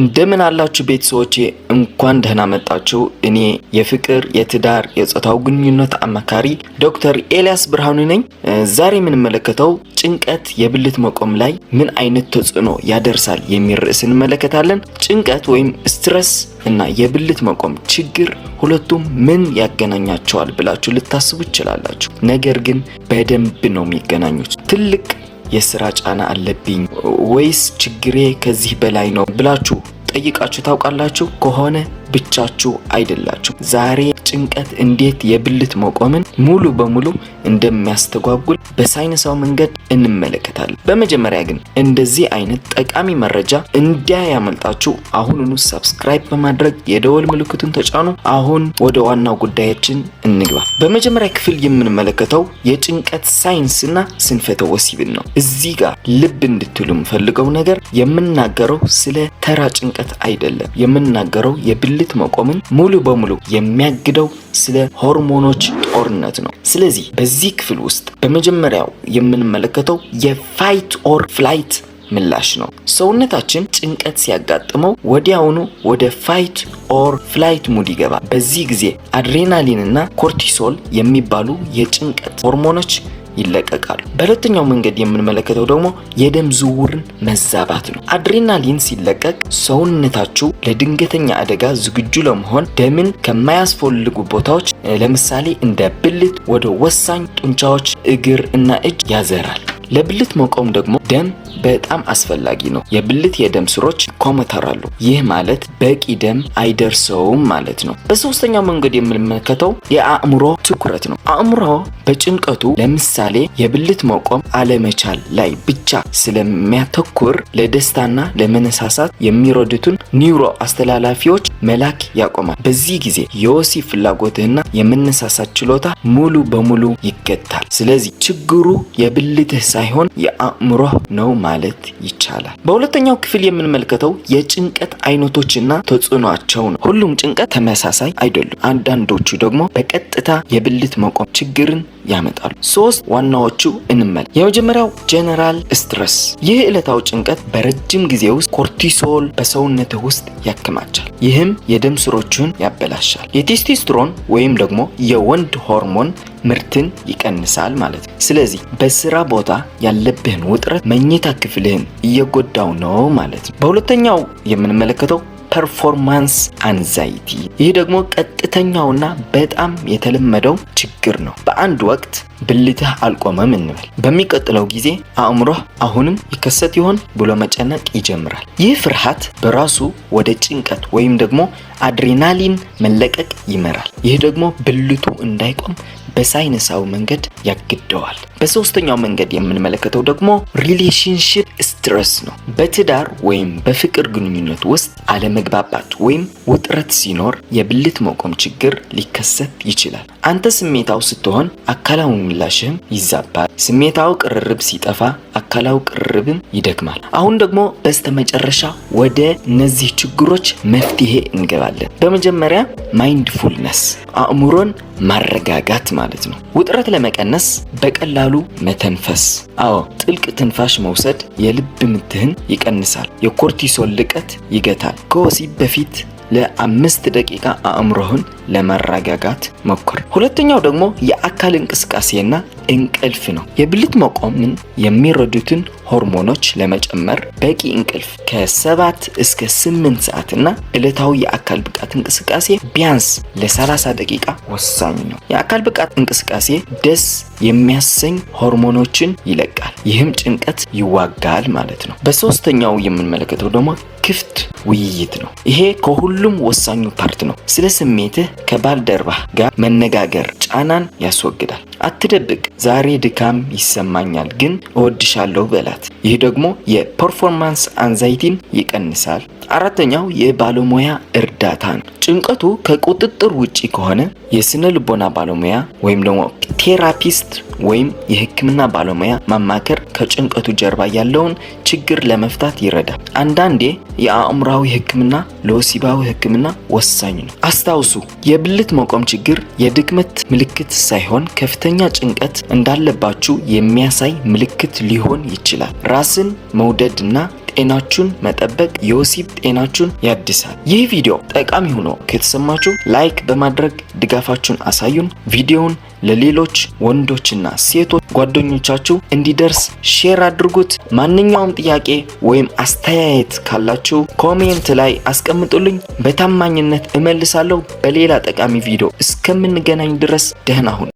እንደምን አላችሁ ቤተሰቦቼ፣ እንኳን ደህና መጣችሁ። እኔ የፍቅር የትዳር የጾታው ግንኙነት አማካሪ ዶክተር ኤልያስ ብርሃኑ ነኝ። ዛሬ የምንመለከተው ጭንቀት የብልት መቆም ላይ ምን አይነት ተጽዕኖ ያደርሳል የሚል ርዕስ እንመለከታለን። ጭንቀት ወይም ስትረስ እና የብልት መቆም ችግር ሁለቱም ምን ያገናኛቸዋል ብላችሁ ልታስቡ ይችላላችሁ። ነገር ግን በደንብ ነው የሚገናኙት። ትልቅ የስራ ጫና አለብኝ ወይስ ችግሬ ከዚህ በላይ ነው ብላችሁ ጠይቃችሁ ታውቃላችሁ ከሆነ ብቻችሁ አይደላችሁ። ዛሬ ጭንቀት እንዴት የብልት መቆምን ሙሉ በሙሉ እንደሚያስተጓጉል በሳይንሳዊ መንገድ እንመለከታለን። በመጀመሪያ ግን እንደዚህ አይነት ጠቃሚ መረጃ እንዳያመልጣችሁ አሁኑኑ ሰብስክራይብ በማድረግ የደወል ምልክቱን ተጫኑ። አሁን ወደ ዋናው ጉዳያችን እንግባ። በመጀመሪያ ክፍል የምንመለከተው የጭንቀት ሳይንስና ስንፈተ ወሲብን ነው። እዚህ ጋር ልብ እንድትሉ የምፈልገው ነገር የምናገረው ስለ ተራ ጭንቀት አይደለም። የምናገረው የብልት እንግልት መቆምን ሙሉ በሙሉ የሚያግደው ስለ ሆርሞኖች ጦርነት ነው። ስለዚህ በዚህ ክፍል ውስጥ በመጀመሪያው የምንመለከተው የፋይት ኦር ፍላይት ምላሽ ነው። ሰውነታችን ጭንቀት ሲያጋጥመው ወዲያውኑ ወደ ፋይት ኦር ፍላይት ሙድ ይገባል። በዚህ ጊዜ አድሬናሊንና ኮርቲሶል የሚባሉ የጭንቀት ሆርሞኖች ይለቀቃሉ። በሁለተኛው መንገድ የምንመለከተው ደግሞ የደም ዝውውርን መዛባት ነው። አድሬናሊን ሲለቀቅ ሰውነታችሁ ለድንገተኛ አደጋ ዝግጁ ለመሆን ደምን ከማያስፈልጉ ቦታዎች ለምሳሌ እንደ ብልት ወደ ወሳኝ ጡንቻዎች፣ እግር እና እጅ ያዘራል። ለብልት መቆም ደግሞ ደም በጣም አስፈላጊ ነው። የብልት የደም ስሮች ይኮመተራሉ። ይህ ማለት በቂ ደም አይደርሰውም ማለት ነው። በሶስተኛው መንገድ የምንመለከተው የአእምሮ ትኩረት ነው። አእምሮ በጭንቀቱ ለምሳሌ የብልት መቆም አለመቻል ላይ ብቻ ስለሚያተኩር ለደስታና ለመነሳሳት የሚረዱትን ኒውሮ አስተላላፊዎች መላክ ያቆማል። በዚህ ጊዜ የወሲብ ፍላጎትህና የመነሳሳት ችሎታ ሙሉ በሙሉ ይገታል። ስለዚህ ችግሩ የብልትህ ሳይሆን የአእምሮህ ነው ማለት ይቻላል። በሁለተኛው ክፍል የምንመለከተው የጭንቀት አይነቶችና ተጽዕኖአቸው ነው። ሁሉም ጭንቀት ተመሳሳይ አይደሉም። አንዳንዶቹ ደግሞ በቀጥታ የብልት መቆም ችግርን ያመጣሉ። ሶስት ዋናዎቹ እንመል የመጀመሪያው ጀነራል ስትረስ። ይህ ዕለታዊ ጭንቀት በረጅም ጊዜ ውስጥ ኮርቲሶል በሰውነት ውስጥ ያከማቻል። ይህም የደም ስሮችን ያበላሻል። የቴስቴስትሮን ወይም ደግሞ የወንድ ሆርሞን ምርትን ይቀንሳል ማለት ነው። ስለዚህ በስራ ቦታ ያለብህን ውጥረት መኝታ ክፍልህን እየጎዳው ነው ማለት ነው። በሁለተኛው የምንመለከተው ፐርፎርማንስ አንዛይቲ። ይህ ደግሞ ቀጥተኛውና በጣም የተለመደው ችግር ነው። በአንድ ወቅት ብልትህ አልቆመም እንበል። በሚቀጥለው ጊዜ አእምሮህ አሁንም ይከሰት ይሆን ብሎ መጨነቅ ይጀምራል። ይህ ፍርሃት በራሱ ወደ ጭንቀት ወይም ደግሞ አድሬናሊን መለቀቅ ይመራል። ይህ ደግሞ ብልቱ እንዳይቆም በሳይንሳዊ መንገድ ያግደዋል። በሶስተኛው መንገድ የምንመለከተው ደግሞ ሪሌሽንሽፕ ስትረስ ነው። በትዳር ወይም በፍቅር ግንኙነት ውስጥ አለመግባባት ወይም ውጥረት ሲኖር የብልት መቆም ችግር ሊከሰት ይችላል። አንተ ስሜታው ስትሆን አካላዊ ምላሽህም ይዛባል። ስሜታው ቅርርብ ሲጠፋ አካላዊ ቅርብም ይደክማል። አሁን ደግሞ በስተመጨረሻ ወደ እነዚህ ችግሮች መፍትሄ እንገባለን። በመጀመሪያ ማይንድፉልነስ አእምሮን ማረጋጋት ማለት ነው። ውጥረት ለመቀነስ በቀላሉ መተንፈስ። አዎ ጥልቅ ትንፋሽ መውሰድ የልብ ምትህን ይቀንሳል፣ የኮርቲሶል ልቀት ይገታል። ከወሲብ በፊት ለአምስት ደቂቃ አእምሮህን ለመረጋጋት ሞክር። ሁለተኛው ደግሞ የአካል እንቅስቃሴና እንቅልፍ ነው። የብልት መቆምን የሚረዱትን ሆርሞኖች ለመጨመር በቂ እንቅልፍ ከሰባት እስከ ስምንት ሰዓት እና ዕለታዊ የአካል ብቃት እንቅስቃሴ ቢያንስ ለ30 ደቂቃ ወሳኝ ነው። የአካል ብቃት እንቅስቃሴ ደስ የሚያሰኝ ሆርሞኖችን ይለቃል፣ ይህም ጭንቀት ይዋጋል ማለት ነው። በሶስተኛው የምንመለከተው ደግሞ ክፍት ውይይት ነው። ይሄ ከሁሉም ወሳኙ ፓርት ነው። ስለ ስሜትህ ከባልደረባ ጋር መነጋገር ጫናን ያስወግዳል። አትደብቅ። ዛሬ ድካም ይሰማኛል ግን እወድሻለሁ በላት። ይህ ደግሞ የፐርፎርማንስ አንዛይቲን ይቀንሳል። አራተኛው የባለሙያ እርዳታ ነው። ጭንቀቱ ከቁጥጥር ውጪ ከሆነ የስነ ልቦና ባለሙያ ወይም ደግሞ ቴራፒስት ወይም የሕክምና ባለሙያ ማማከር ከጭንቀቱ ጀርባ ያለውን ችግር ለመፍታት ይረዳል። አንዳንዴ የአእምሮአዊ ሕክምና ለወሲባዊ ሕክምና ወሳኝ ነው። አስታውሱ፣ የብልት መቆም ችግር የድክመት ምልክት ሳይሆን ከፍተኛ ጭንቀት እንዳለባችሁ የሚያሳይ ምልክት ሊሆን ይችላል። ራስን መውደድና ጤናችሁን መጠበቅ የወሲብ ጤናችሁን ያድሳል። ይህ ቪዲዮ ጠቃሚ ሆኖ ከተሰማችሁ ላይክ በማድረግ ድጋፋችሁን አሳዩን። ቪዲዮውን ለሌሎች ወንዶችና ሴቶች ጓደኞቻችሁ እንዲደርስ ሼር አድርጉት። ማንኛውም ጥያቄ ወይም አስተያየት ካላችሁ ኮሜንት ላይ አስቀምጡልኝ፣ በታማኝነት እመልሳለሁ። በሌላ ጠቃሚ ቪዲዮ እስከምንገናኝ ድረስ ደህና ሁኑ።